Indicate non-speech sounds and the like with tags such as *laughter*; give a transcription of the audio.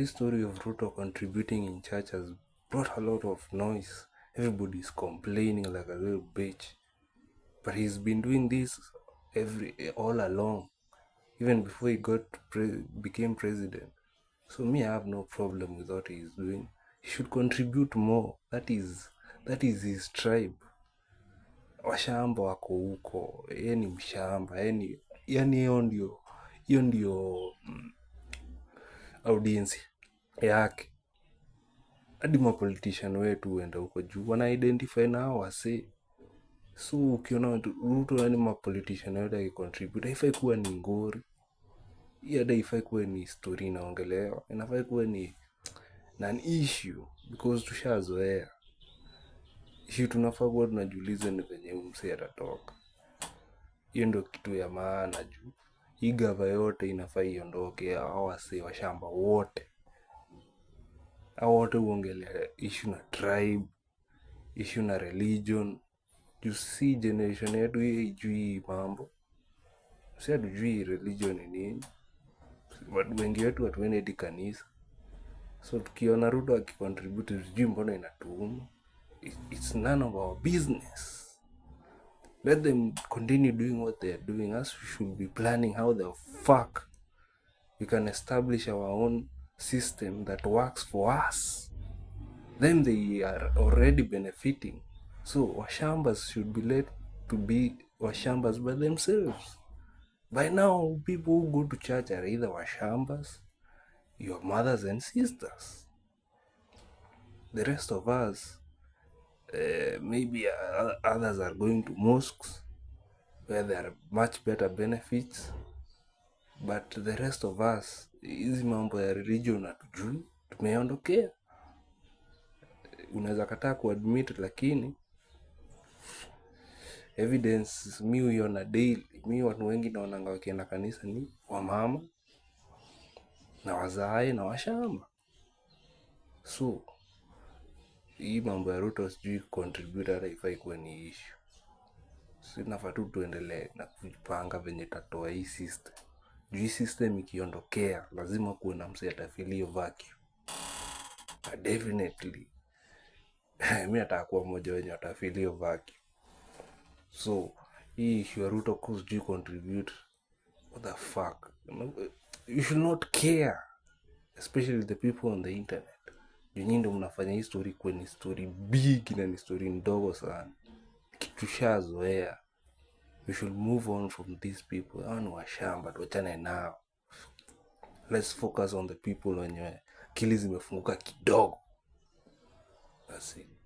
This story of Ruto contributing in church has brought a lot of noise. Everybody is complaining like a little bitch. But he's been doing this every all along, even before he got pre- became president. So me, I have no problem with what he's doing. He should contribute more. That is that is his tribe. Washamba wako huko, yeye ni mshamba, yani yani hiyo ndio hiyo ndio mm, audiensi yake hadi mapolitician wetu huenda huko juu wana identify na hao wasee so ukiona Ruto yani mapolitician yote akicontribute haifai kuwa ni ngori hii hata haifai kuwa ni story inaongelewa inafai kuwa ni an issue because tushazoea issue tunafaa kuwa tunajiuliza ni venye umse atatoka hiyo ndio kitu ya maana juu hii gava yote inafaa iondoke hao wasee washamba wote au wote huongelea ishu na tribe ishu na religion juu si generation yetu hii ijui mambo si hatujui religion ni nini wengi wetu hatuendi hadi kanisa so tukiona ruto akicontribute sijui mbona inatuuma it's none of our business let them continue doing what they are doing us we should be planning how the fuck we can establish our own system that works for us then they are already benefiting so washambas should be let to be washambas by themselves by now people who go to church are either washambas your mothers and sisters the rest of us uh, maybe others are going to mosques where there are much better benefits but the rest of us hizi mambo ya religion hatujui, tumeondokea. Unaweza kataa kuadmit, lakini evidence mi huiona daily. Mi watu wengi naonanga wakienda kanisa ni wamama na wazae na washamba. So hii mambo ya Ruto sijui contribute hata ifai kuwa ni issue. Sinafaa tu tuendelee na kujipanga venye tatoa hii system juu hii system ikiondokea, lazima kuwe na mse atafilio vacuum ah, definitely. *laughs* Mi nataka kuwa mmoja wenye atafilio vacuum. So hii issue ya Ruto ku sijui contribute, what the fuck, you should not care, especially the people on the internet. Nyinyi ndio mnafanya hii story kuwe ni story big na ni story ndogo sana, kitu shazoea we should move on from these people. Hao ni washamba, tuachane nao. Let's focus on the people wenye akili zimefunguka kidogo. That's it.